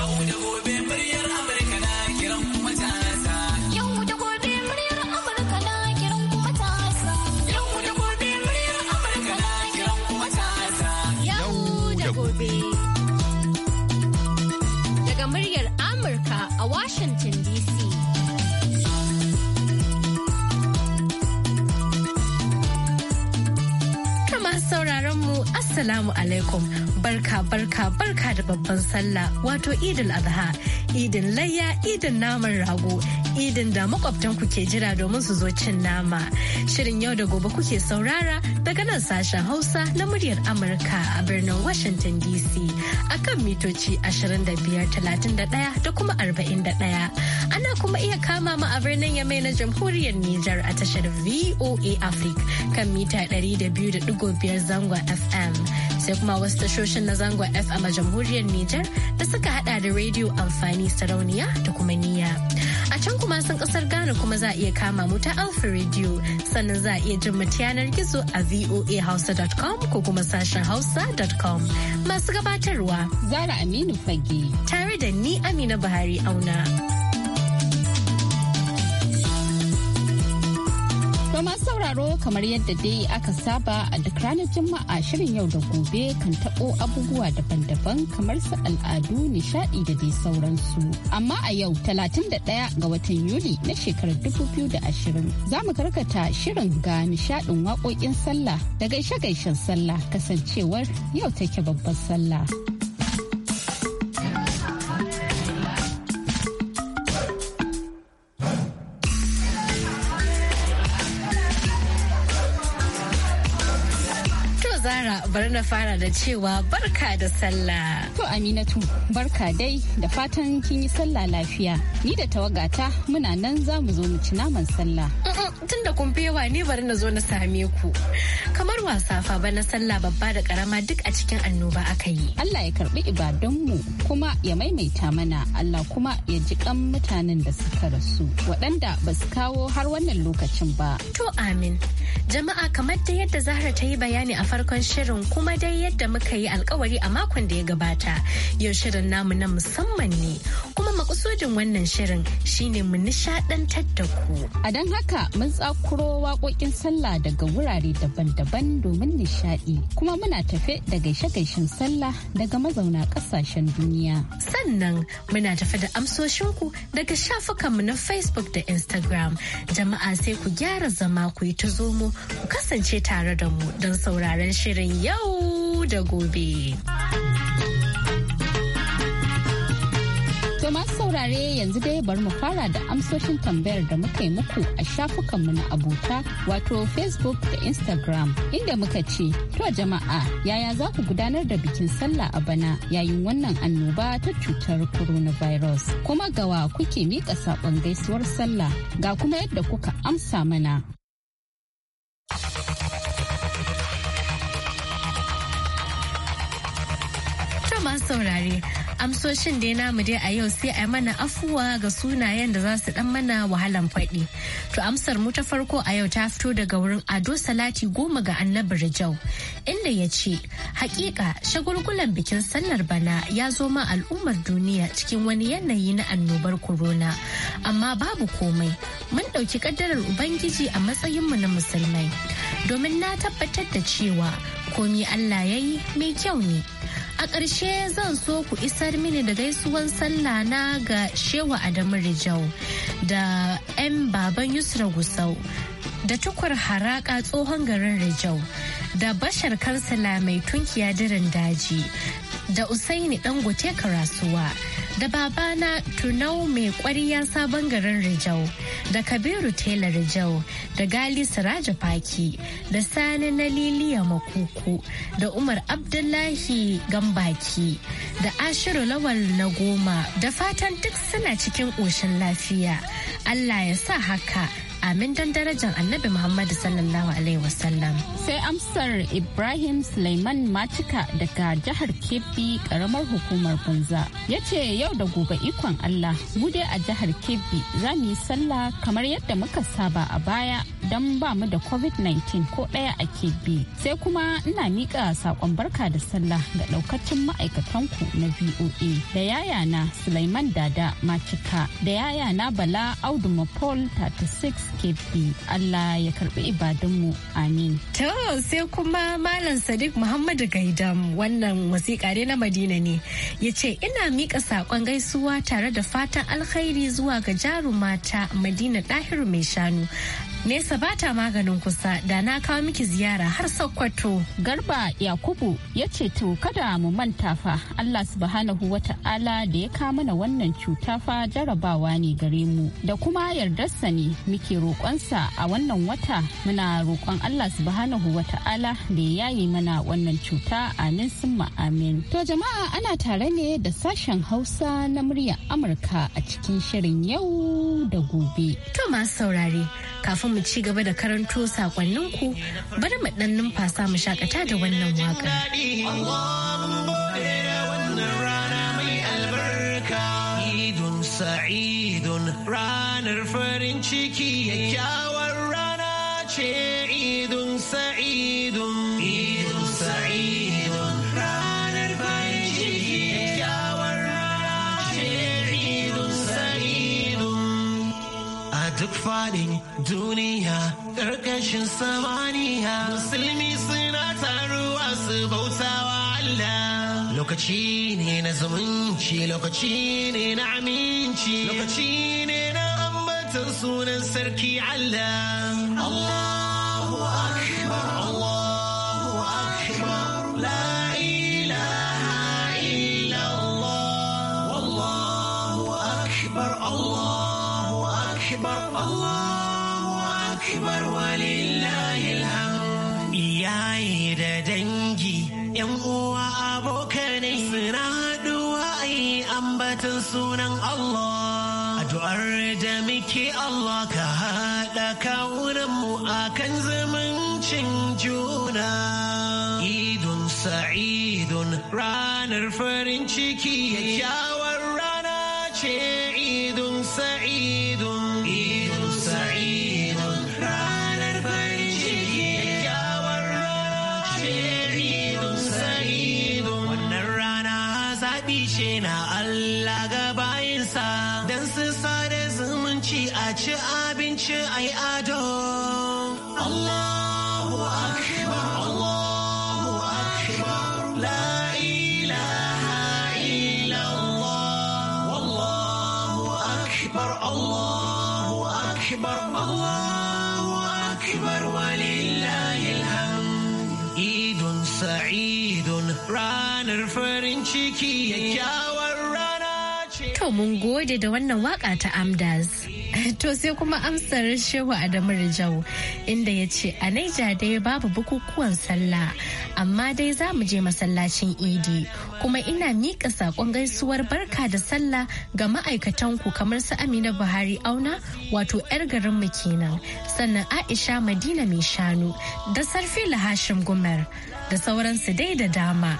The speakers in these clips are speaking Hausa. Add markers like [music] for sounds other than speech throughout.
Yau da gobe. babban sallah wato idil adha idin layya idin naman rago idin da makwabtan ku ke jira domin su zo cin nama shirin yau da gobe kuke saurara daga nan sashen hausa na muryar amurka a birnin washington dc akan mitoci 2531 da kuma 41 ana kuma iya kama mu a birnin yamai na jamhuriyar nijar a tashar voa africa kan mita 200.5 zangon fm sai kuma wasu tashoshin na zangon f a jamhuriyar Nijar da suka hada da rediyo amfani sarauniya da kuma niyya. A can kuma sun kasar Ghana kuma za a iya kama mu ta Alfa Radio sannan za a iya jin mu yanar gizo a voahausa.com ko kuma sashen hausa.com. Masu gabatarwa Zara Aminu Fage tare da ni Amina Buhari Auna. sauraro kamar yadda dai aka saba a duk ranar Juma'a shirin yau da gobe kan taɓo abubuwa daban-daban kamar su al'adu, nishaɗi da dai sauransu. Amma a yau 31 ga watan Yuli na shekarar 2020 za mu karkata shirin ga nishadin waƙoƙin sallah da gaishe-gaishen sallah kasancewar yau take babbar sallah. zara bari na fara da cewa barka da sallah. To Aminatu barka dai da fatan kin yi sallah lafiya. Ni da tawagata muna nan za mu zo mu ci naman sallah. tun da kun yawa ne bari na zo na same ku kamar wasa fa ba na sallah babba da karama duk a cikin annoba aka yi Allah ya karbi ibadunmu kuma ya maimaita mana Allah kuma ya ji kan mutanen da suka rasu waɗanda ba su kawo har wannan lokacin ba to amin jama'a kamar da yadda Zahra ta yi bayani a farkon shirin kuma dai yadda muka yi alkawari a makon da ya gabata yau shirin namu na musamman ne kuma makusudin wannan shirin shine mu nishadantar da ku a don haka mun tsakuro waƙoƙin sallah daga wurare daban-daban domin nishaɗi kuma muna tafe da gaishe-gaishen sallah daga mazauna ƙasashen duniya. Sannan muna tafe da amsoshinku daga shafukanmu na Facebook da Instagram. Jama'a sai ku gyara zama ku yi ta zomo ku kasance tare da mu don sauraron shirin yau da gobe. masu saurare yanzu dai bari mu fara da amsoshin tambayar da muka yi muku a shafukanmu na abota wato Facebook da Instagram inda muka ce to jama'a yaya za ku gudanar da bikin sallah a bana yayin wannan annoba ta cutar coronavirus kuma gawa kuke miƙa saƙon gaisuwar sallah ga kuma yadda kuka amsa mana. masu saurare amsoshin da ya namu dai a yau sai a mana afuwa ga sunayen da za su dan mana wahalan faɗi. To amsar mu ta farko a yau ta fito daga wurin Ado Salati goma ga Annabi Rijau inda ya ce hakika shagulgulan bikin sallar bana ya zo ma al'ummar duniya cikin wani yanayi na annobar corona amma babu komai mun ɗauki kaddarar ubangiji a matsayinmu na musulmai domin na tabbatar da cewa komi Allah ya yi mai kyau ne. A ƙarshe zan so ku isar mini da gaisuwan sallah na ga Shewa Adamu Rijau da 'yan baban Yusra Gusau da tukur haraka tsohon garin Rijau da bashar kansila mai tunkiya dirin daji da Usaini Dangote Karasuwa. da babana Tunau mai kwariya sabon garin Rijau, da Kabiru Tela Rijau, da Gali Siraja Faki, da Sani na Liliya Makuku, da Umar Abdullahi Gambaki, da Ashiru Lawal na goma, da fatan duk suna cikin ƙoshin lafiya. Allah ya sa haka. amin don darajar annabi muhammadu sallallahu alaihi wasallam sai amsar Ibrahim Suleiman Macika daga jihar Kebbi karamar hukumar Bunza ya ce yau da gobe ikon Allah mu a jihar Kebbi za mu yi sallah kamar yadda muka saba a baya don ba mu da COVID-19 ko ɗaya a Kebbi. Sai kuma ina miƙa saƙon barka da sallah ga ɗaukacin ma'aikatanku na VOA da yayana Suleiman Dada Macika da yayana Bala Audu Mapol 36 Kebbi. Allah ya karbi ibadunmu. Amin. sai kuma Malam Sadiq Muhammadu Gaidam wannan wasiƙa ne na Madina ne. Ya ce ina miƙa saƙon gaisuwa tare da fatan alkhairi zuwa ga jarumata Madina Ɗahiru mai shanu. Nesa ba ta maganin kusa da na kawo miki ziyara har Sokoto. Garba Yakubu ya ce to kada mu manta fa Allah subhanahu wa ta'ala da ya kawo mana wannan cuta fa jarabawa ne gare mu da kuma yardarsa ne muke roƙonsa a wannan wata muna roƙon Allah subhanahu wa ta'ala da ya yaye mana wannan cuta amin summa amin. To jama'a ana tare ne da sashen Hausa na muryar Amurka a cikin shirin yau da gobe. To masu saurare kafin mu ci gaba da karanto sakonninku bari mu dan numfasa mu shakata da wannan waƙar. Sa'idun ranar farin ciki kyakkyawar rana ce idun sa'idun duk faɗin duniya ƙarƙashin samaniya musulmi suna taruwa su bautawa Allah lokaci ne na zumunci lokaci ne na aminci lokaci ne na ambatan sunan sarki Allah Allah bishe na Allah ga bayansa don su sada zumunci a ci abinci ayi adu. mun gode da wannan waka ta Amdas. [laughs] to sai kuma amsar Shehu Adamu Rijau inda ya ce a Naija dai babu bukukuwan sallah amma dai za mu je masallacin Idi kuma ina miƙa saƙon gaisuwar barka da sallah ga ma'aikatanku kamar su Amina Buhari Auna wato 'yar garin mu kenan sannan Aisha Madina mai shanu da Sarfi Hashim gumar da sauransu dai da dama.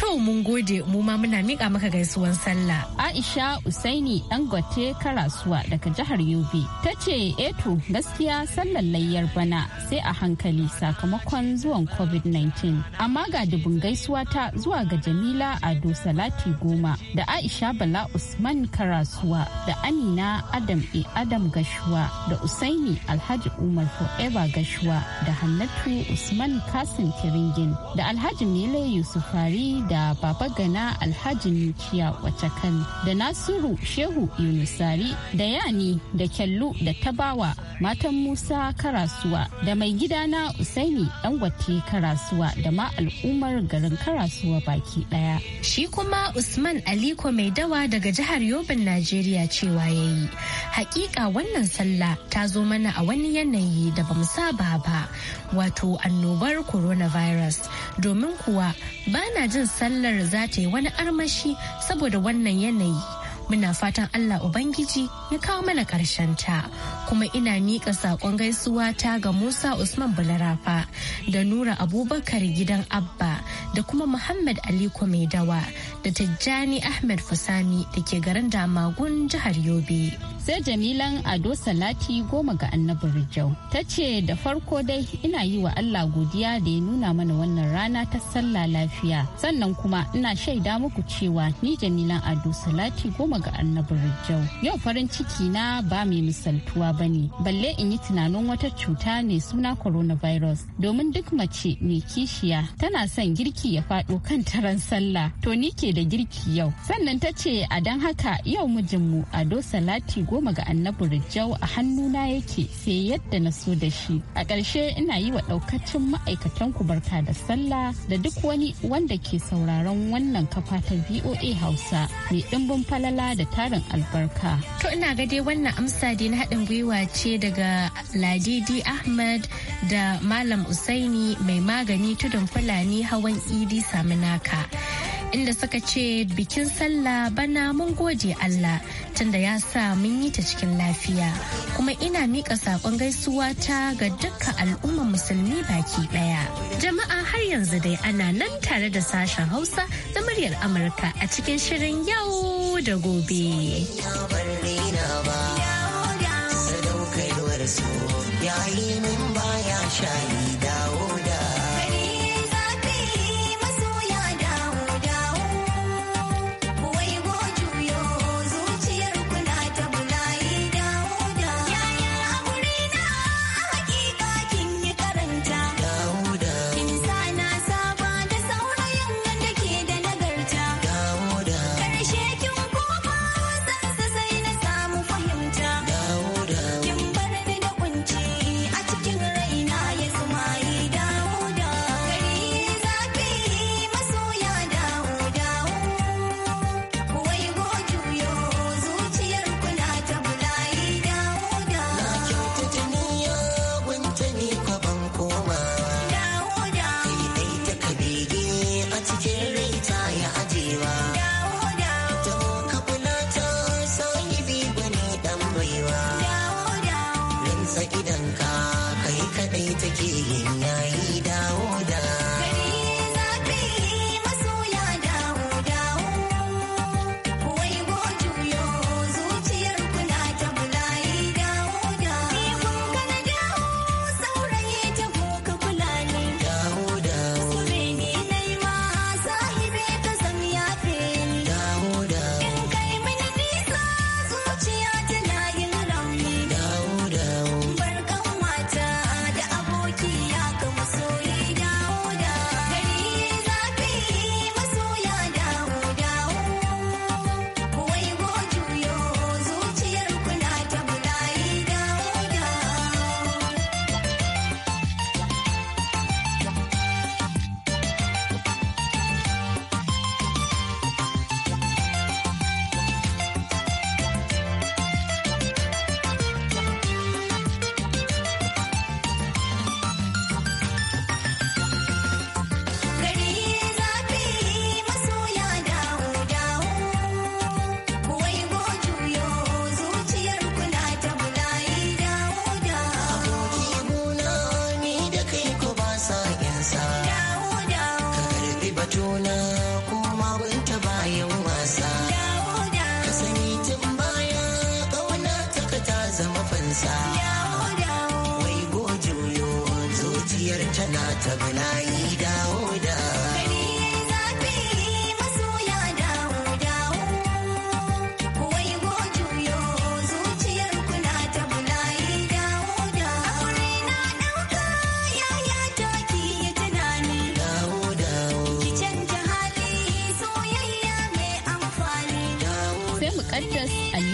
To mun gode mu ma muna mika maka gaisuwan sallah. Aisha Usaini gote Karasuwa daga jihar Yobe ta ce eto eh gaskiya sallar layyar bana sai a hankali sakamakon zuwan COVID-19. Amma ga dubun gaisuwa ta zuwa ga Jamila Ado Salati Goma da Aisha Bala Usman Karasuwa da Amina Adam E Adam Gashuwa da Usaini Alhaji Umar Forever Gashuwa da Hannatu Usman Kasim Kiringin da Alhaji Mele Yusufari da baba gana alhaji nukiya watakan da nasiru shehu yunusari da yani da kyallu da tabawa matan musa karasuwa da mai gidana usaini dangote karasuwa da ma al'ummar garin karasuwa baki ɗaya. shi kuma usman aliko mai dawa daga jihar yobin najeriya cewa ya yi hakika wannan sallah ta zo mana a wani yanayi da bamu saba ba wato annobar coronavirus domin kuwa ba na jin sallar za ta yi wani armashi saboda wannan yanayi muna fatan Allah Ubangiji ya kawo mana ƙarshen ta kuma ina miƙa saƙon gaisuwa ta ga Musa Usman Bularafa da Nura Abubakar gidan Abba da kuma Muhammad Aliko Maidawa da Tijjani Ahmed Fusami da ke garin Damagun jihar Yobe. Sai Jamilan Ado Salati goma ga annabin Rijau ta ce da farko dai ina yi wa Allah godiya da ya nuna mana wannan rana ta sallah lafiya sannan kuma ina shaida muku cewa ni Jamilan Ado Salati goma ga annabin Rijau. Yau farin ciki na ba mai misaltuwa ba ne, balle in yi tunanin wata cuta ne suna coronavirus domin duk mace mai kishiya tana son girki ya faɗo kan taron sallah to ni ke da girki yau. Sannan ta ce a don haka yau mijinmu Ado Salati goma ga annabi Rijau a hannuna yake sai yadda na so da shi. A ƙarshe ina yi wa ɗaukacin ma'aikatan ku barka da sallah da duk wani wanda ke sauraron wannan kafa ta VOA Hausa mai ɗimbin falala falala da tarin albarka. To ina ga dai wannan amsa dai na haɗin gwiwa ce daga Ladidi Ahmad da Malam Usaini mai magani tudun Fulani hawan Idi Saminaka. inda suka ce bikin sallah bana mun gode Allah tunda ya sa mun yi ta cikin lafiya kuma ina miƙa saƙon gaisuwa ta ga dukkan al'ummar musulmi baki ɗaya. Jama'a har yanzu dai ana nan tare da sashen Hausa da muryar Amurka a cikin shirin yau da gobe. Yayi mun baya shahida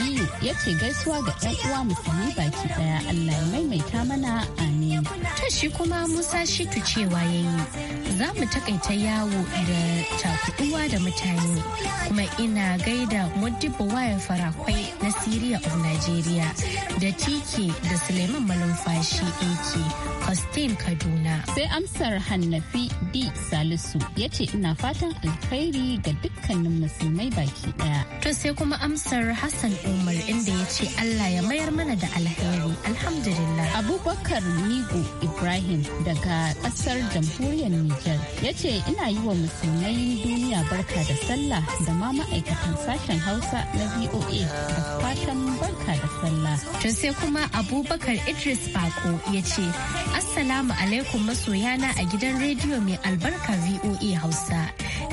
Aliyu ya ce gaisuwa ga 'yan uwa musulmi baki daya Allah ya maimaita mana amin. Ta shi kuma Musa Shitu cewa ya yi za mu takaita yawo da takuduwa da mutane kuma ina gaida Modibo Waya Farakwai na Siriya of Nigeria da Tike da Suleiman Malumfashi AK Hostin Kaduna. Sai amsar Hannafi D Salisu ya ce ina fatan alkhairi ga dukkanin musulmai baki daya. To sai kuma amsar Hassan Umar inda ya ce Allah ya mayar mana da alheri alhamdulillah. Abubakar Nigo Ibrahim daga kasar jamhuriyar Nijar ya ce ina yi wa musulmai duniya barka da sallah da ma ma'aikatan sashen Hausa na VOA da fatan barka da sallah. To sai kuma Abubakar Idris Bako ya ce Assalamu alaikum masoyana a gidan rediyo mai albarka VOA Hausa.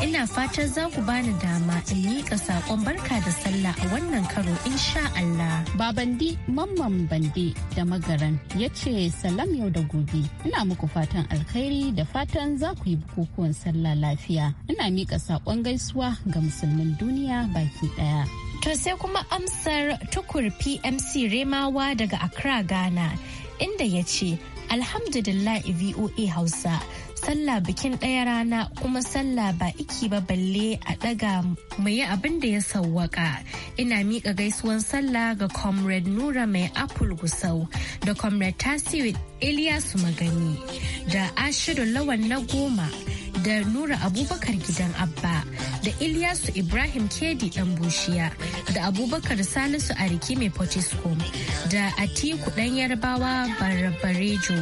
ina fatan za ku bani dama in miƙa saƙon barka da sallah a wannan karo insha Allah. Babandi Mamman Bande da Magaran ya ce salam yau da gobe. Ina muku fatan alkhairi da fatan za ku yi bukukuwan sallah lafiya. Ina miƙa saƙon gaisuwa ga musulmin duniya baki ɗaya. To sai kuma amsar tukur PMC Remawa daga Accra Ghana inda ya ce Alhamdulillah VOA Hausa sallah bikin ɗaya rana kuma sallah ba iki ba balle a ɗaga muyi yi abin da ya sauwaka ina miƙa gaisuwan sallah ga comrade nura mai apple gusau da comrade tasiru iliyasu magani da ashirin lawan na goma da Nura Abubakar gidan Abba da Ilyasu Ibrahim Kedi dan Bushiya da Abubakar Salisu Ariki mai Potiskum da Atiku dan Yarbawa Barbarejo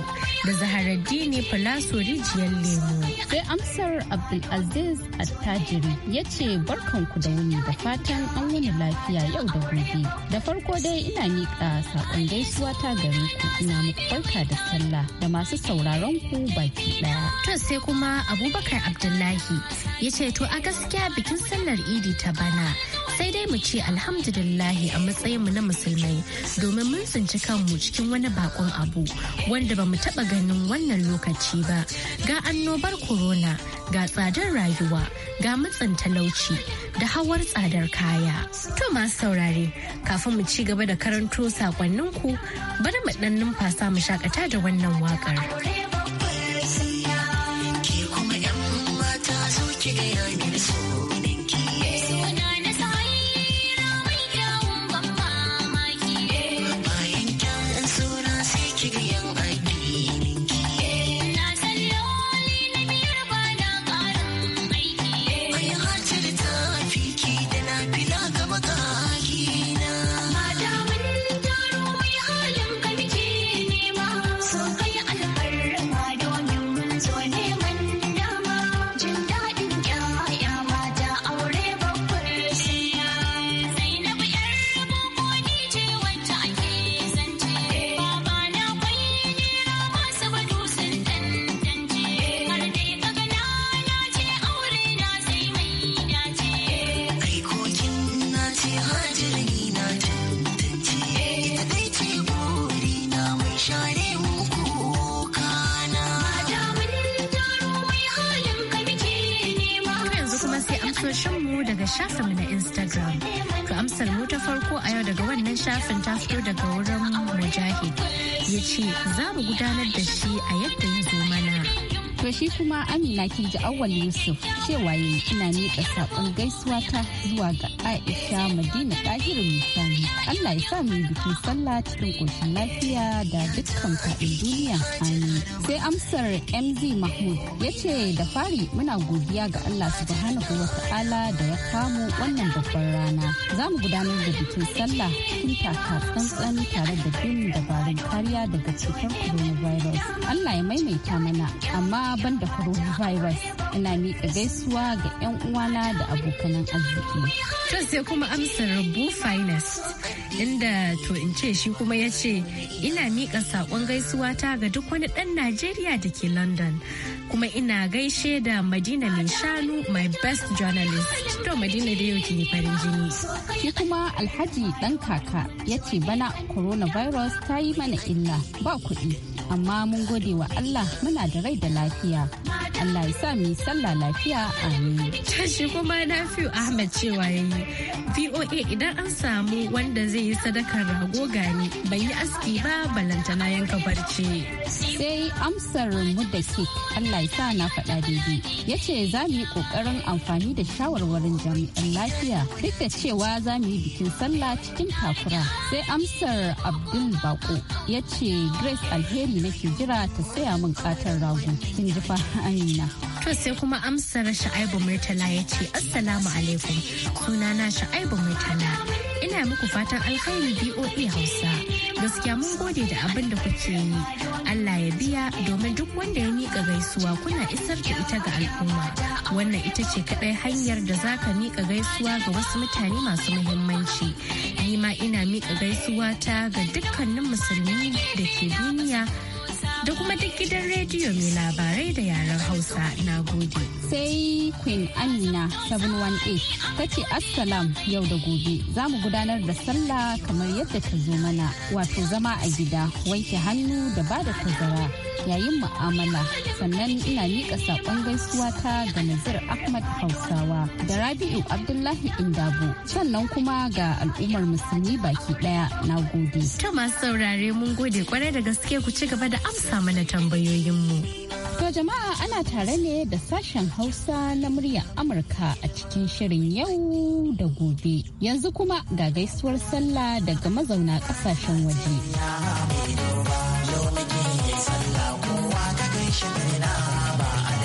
da Zaharaddini Falaso Rijiyar Lemu. Sai amsar Abdulaziz Attajiri ya ce barkanku da wuni da fatan an wuni lafiya yau da gobe. Da farko dai ina miƙa saƙon gaisuwa ta gare ku ina muku barka da sallah da masu sauraron ku baki ɗaya. To sai kuma Abubakar abubakar abdullahi ya ce to a gaskiya bikin sallar idi ta bana sai dai mu ce alhamdulillahi a matsayin mu na musulmai domin mun tsinci kanmu cikin wani bakon abu wanda ba mu taba ganin wannan lokaci ba ga annobar corona ga tsadar rayuwa ga matsin talauci da hawar tsadar kaya to masu saurare kafin mu ci gaba da karanto sakonninku bari mu dan numfasa mu shakata da wannan wakar. kicking on in the sun. dan shafin ta daga wurin mujahid ya ce za mu gudanar da shi a yadda ya zo mana To shi kuma Amina ji Awwal Yusuf cewa yayi ina miƙa saƙon gaisuwa ta zuwa ga Aisha Madina Tahiru Musani. Allah ya sa mu yi bikin sallah cikin ƙoshin lafiya da dukkan faɗin duniya. Amin. Sai amsar MZ Mahmud ya ce da fari muna godiya ga Allah subhanahu wa ta'ala da ya kamo wannan babbar rana. Za mu gudanar da bikin sallah cikin taka tsantsan tare da bin dabarun kariya daga cutar coronavirus. Allah ya maimaita mana amma sabon da coronavirus ina miƙa gaisuwa ga 'yan uwana da abokanan arziki. To sai kuma amsar rabu finest inda to in ce shi kuma ya ce ina miƙa saƙon gaisuwa ta ga duk wani ɗan Najeriya da ke London kuma ina gaishe da Madina mai shanu my best journalist. To Madina da yau ne farin jini. Shi kuma Alhaji dan kaka ya ce bana coronavirus ta yi mana illa ba kuɗi amma mun gode wa Allah muna da rai da lafiya. Allah ya sa mu yi sallah lafiya amin. Tashi kuma na fi Ahmad cewa yayi VOA idan an samu wanda zai yi sadakar rago gani bai yi aski ba balantana yanka barci. Sai amsar mu da ke Allah ya sa na faɗa daidai. Ya ce za mu yi ƙoƙarin amfani da shawarwarin jami'an lafiya duk da cewa za mu yi bikin sallah cikin takura. Sai amsar Abdul Bako ya ce Grace Alheri nake jira ta saya min katar rago. Kin ji fa an Amina. To sai kuma amsar Sha'aibu Murtala ya ce Assalamu alaikum sunana Sha'aibu Murtala. Ina muku fatan alkhairi BOA Hausa. Gaskiya mun gode da abin da kuke yi. Allah ya biya domin duk wanda ya miƙa gaisuwa kuna isar da ita ga al'umma. Wannan ita ce kaɗai hanyar da za ka miƙa gaisuwa ga wasu mutane masu muhimmanci. Ni ma ina miƙa gaisuwa ta ga dukkanin musulmi da ke duniya da kuma duk gidan rediyo mai labarai da yaren Hausa na gode. Sai Queen Amina 718 ta ce Assalam yau da gobe za mu gudanar da sallah kamar yadda ta zo mana wato zama a gida wanke hannu da ba da tazara. yayin mu'amala sannan ina miƙa saƙon gaisuwa ta ga nazir ahmad hausawa da rabi'u abdullahi indabo sannan kuma ga al'ummar musulmi baki ɗaya na gode. ta masu saurare mun gode kwarai da gaske ku ci gaba da amsa mana tambayoyin mu. To jama'a ana tare ne da sashen Hausa na muryar Amurka a cikin shirin yau da gobe. Yanzu kuma ga gaisuwar sallah daga mazauna kasashen waje.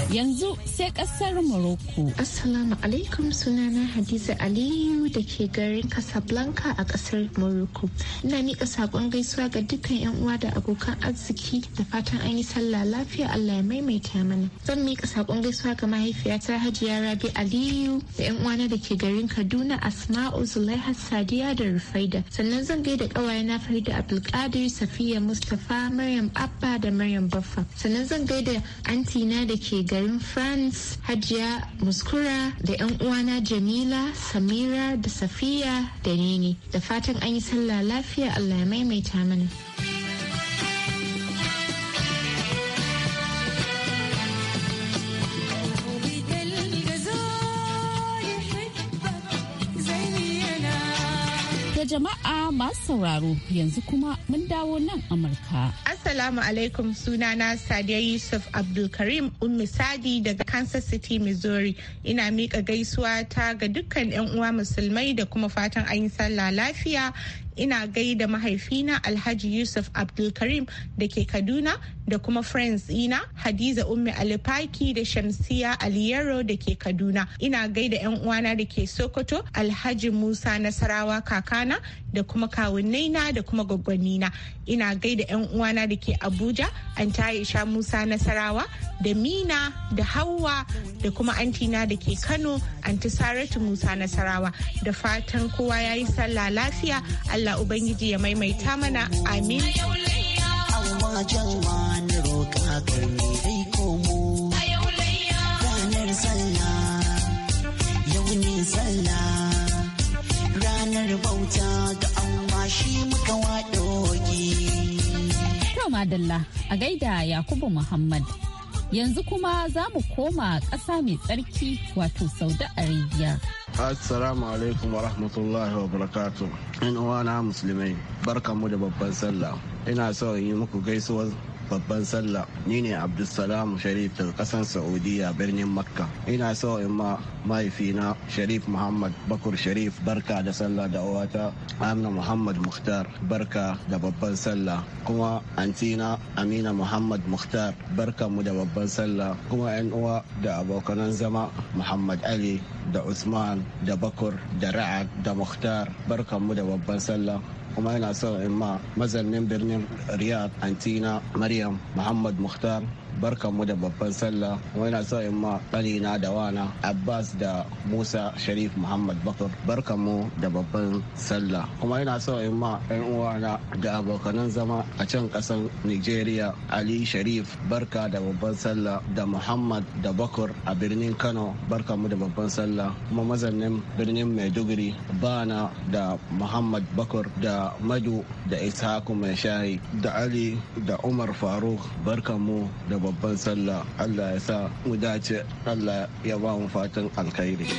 Yanzu sai kasar Morocco. Assalamu alaikum sunana Hadiza Aliyu da ke garin Casablanca a kasar Morocco. Ina miƙa saƙon gaisuwa ga dukkan 'yan uwa da abokan arziki da fatan an yi sallah lafiya Allah ya maimaita mana. Zan miƙa saƙon gaisuwa ga mahaifiyata Hajiya Rabi Aliyu da 'yan uwana da ke garin Kaduna Asma'u Zulaiha Sadiya da Rufaida. Sannan zan gaida ƙawayena Farida Abdulkadir Safiya Mustapha Maryam Abba da Maryam Baffa. Sannan zan gaida antina da ke garin garin france hajiya muskura da 'yan uwana jamila samira da safiya da nini da fatan an yi sallah lafiya allah ya maimaita mana jama'a masu sauraro yanzu kuma mun dawo nan Amurka. Assalamu alaikum sunana Sadiya Yusuf Abdulkarim Ummi Sadi daga Kansas City, Missouri. Ina miƙa gaisuwa ta ga dukkan 'yan uwa musulmai da kuma fatan an yi sallah lafiya ina gaida mahaifina alhaji yusuf abdulkarim da ke kaduna da kuma friends ina hadiza ummi alifaki da shamsiya aliyero da ke kaduna ina gaida yan uwana da ke sokoto alhaji musa nasarawa kakana da kuma kawunnaina da kuma gwaggwanina ina gaida yan uwana da ke abuja an isha musa nasarawa da mina da hawa da kuma antina da ke kano anti saratu musa nasarawa da fatan kowa ya yi sallah lafiya allah Allah Ubangiji ya maimaita mana amin. bauta madalla a gaida Yakubu Muhammad. Yanzu kuma za mu koma ƙasa mai tsarki wato Saudi Arabia. Assalamu alaikum wa rahmatullahi wa barakatuh. In uwana musulmai, mu da babban sallah. Ina so in yi muku gaisuwar babban sallah ni ne abdulsalam sharif daga kasan saudiya birnin makka ina so in ma mahaifina sharif muhammad bakur sharif barka da sallah da uwata amina muhammad muhtar barka da babban sallah kuma antina amina muhammad muhtar barka mu da babban sallah kuma yan uwa da abokanan zama muhammad ali da usman da bakur da ra'ad da muhtar barka mu da babban sallah همايل عصام ما مازن نمبر نم رياض انتينا مريم محمد مختار mu da babban sallah wani so in ma na da wana abbas da musa sharif muhammad bakar barkanmu da babban sallah kuma yana so in ma yan uwana da abokanan zama a can ƙasan nigeria ali sharif barka da babban sallah da muhammad da bakur a birnin kano barkanmu da babban sallah kuma mazannin birnin maiduguri bana da muhammad bakur da madu da ishaku mai shayi da ali da umar faruk Barkamu da babban sallah allah ya sa mu dace allah ya ba mu fatan alkhairi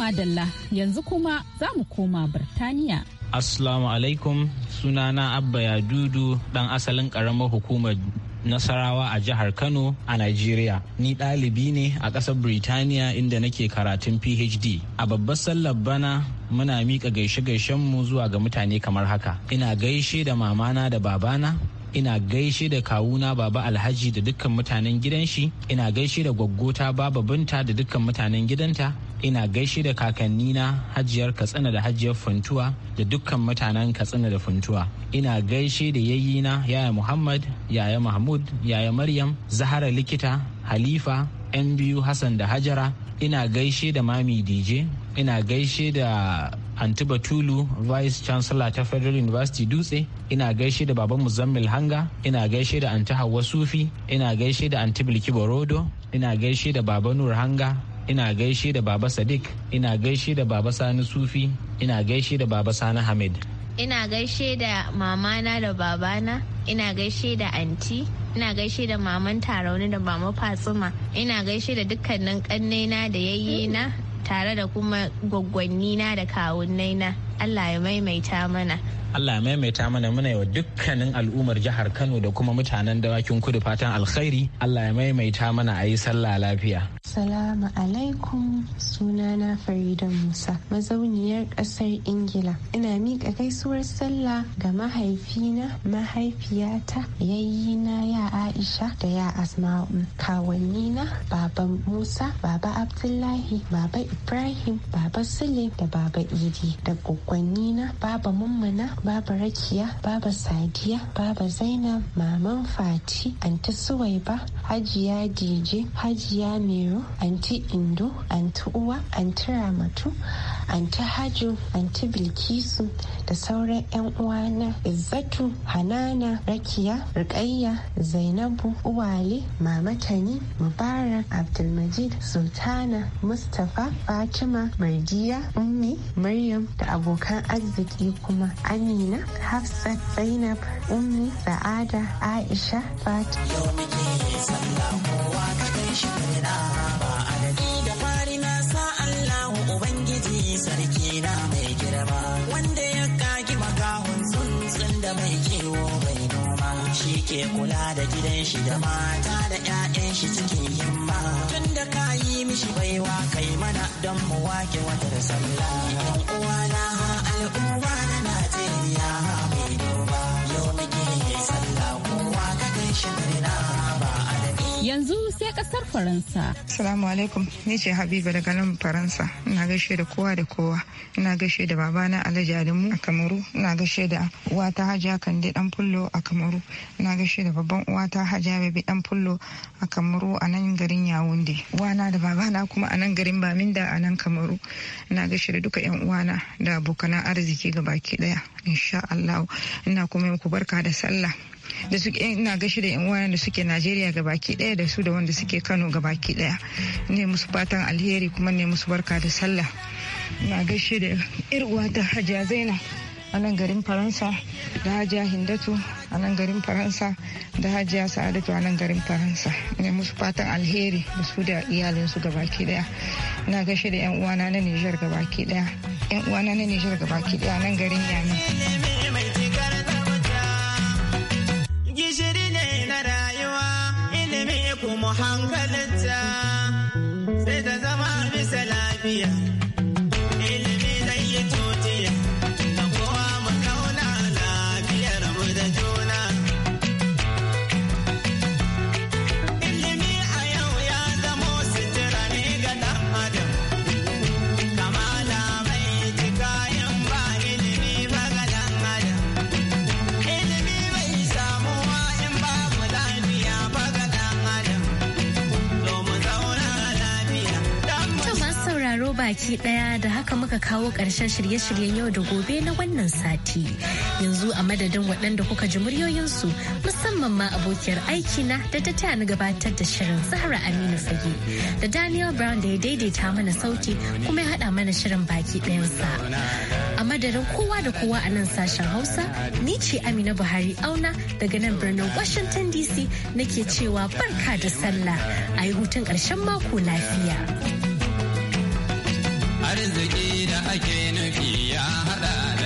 madalla yanzu kuma za mu koma birtaniya assalamu alaikum sunana abba yadudu dan asalin karamar hukumar nasarawa a jihar kano a Najeriya. ni ɗalibi ne a ƙasar birtaniya inda nake karatun phd a babbar sallar bana muna mika gaishe-gaishen mu zuwa ga mutane kamar haka ina gaishe da mamana da babana ina gaishe da kawuna baba alhaji da dukkan mutanen gidan shi ina gaishe da gwaggota baba binta da dukkan mutanen gidanta ina gaishe da kakannina hajiyar katsina da hajiyar funtuwa da dukkan mutanen katsina da funtuwa ina gaishe da yayyina yaya muhammad yaya mahmud yaya maryam zahara likita halifa yan biyu hassan da hajara ina gaishe da mami dj ina gaishe da anti batulu vice chancellor ta federal university dutse ina gaishe da baban muzammil hanga ina gaishe da anti hawa sufi ina gaishe da anti bilki borodo ina gaishe da baba nur hanga ina gaishe da baba sadiq ina gaishe da baba sani sufi ina gaishe da baba sani hamid ina gaishe da mamana da babana ina gaishe da anti ina gaishe da maman tarauni da mama fatsuma ina gaishe da dukkanin kannena da yayyena tare da kuma gwaggwannina da kawunnaina allah ya maimaita mana Allah ya maimaita mana muna wa dukkanin al'ummar jihar Kano da kuma mutanen dawakin kudu fatan alkhairi Allah ya maimaita mana a yi sallah lafiya. Salamu alaikum sunana Farida Musa mazauniyar kasar Ingila. Ina miƙa gaisuwar sallah ga mahaifina mahaifiyata yayyina ya Aisha da ya Asma'u kawannina baban Musa baba Abdullahi baba Ibrahim baba Sule da baba Idi da gwaggwannina baba Mummuna baba rakiya baba sadiya baba zainab maman fati anti suwaiba hajiya dije hajiya mero anti indo anti uwa anti ramatu anti haju anti bilkisu da sauran 'yan uwana izzatu hanana rakiya rikayya zainabu uwale mamatani mubarak abdulmajid sultana mustapha fatima mardiya ummi maryam da abokan arziki kuma amina hafsat zainab ummi sa'ada aisha fatima ya kula da gidan shi da mata da 'ya'yan shi cikin himma tun da ka yi mishi baiwa kai mana don mu wake watar sallah uwa na al'umma na Najeriya Yanzu sai kasar Faransa. salamu alaikum, ni ce Habiba daga nan Faransa. Ina gaishe da kowa da kowa. Ina gaishe da babana Alhaji alimu a Kamaru. na gaishe da uwata Hajiya Kande dan Fullo a Kamaru. Ina gaishe da babban uwata Hajiya Bebe dan Fullo a Kamaru a nan garin Yawunde. wana da babana kuma a nan garin Baminda a nan Kamaru. na gaishe da duka yan uwana da abokanan arziki ga baki daya. Insha allahu Ina kuma ku barka da sallah. da suke eh, ina gashi da yan uwa da suke Najeriya gabaki daya da su da wanda suke Kano gabaki daya ne musu fatan alheri kuma ne musu barka da sallah ina gaishe da yar uwata Hajiya zaina a nan garin faransa da hajiya hindatu a nan garin faransa da hajiya sa'adatu a nan garin faransa ne musu fatan alheri da su da iyalinsu gabaki daya na gaishe da yan uwana na nijar gabaki daya yan uwana na nijar gabaki daya nan garin yamin hankalinta sai da zama bisa lafiya. baki daya da haka muka kawo ƙarshen shirye-shiryen yau da gobe na wannan sati. Yanzu a madadin waɗanda kuka ji muryoyinsu musamman ma abokiyar aikina da ta taya ni gabatar da shirin Zahra Aminu Fage da Daniel Brown da ya daidaita mana sauti kuma ya haɗa mana shirin baki ɗayansa. a madadin kowa da kowa a nan sashen hausa ni ce amina buhari auna daga nan birnin washington dc nake cewa barka da sallah a yi hutun ƙarshen mako lafiya. ake nufi ya haɗa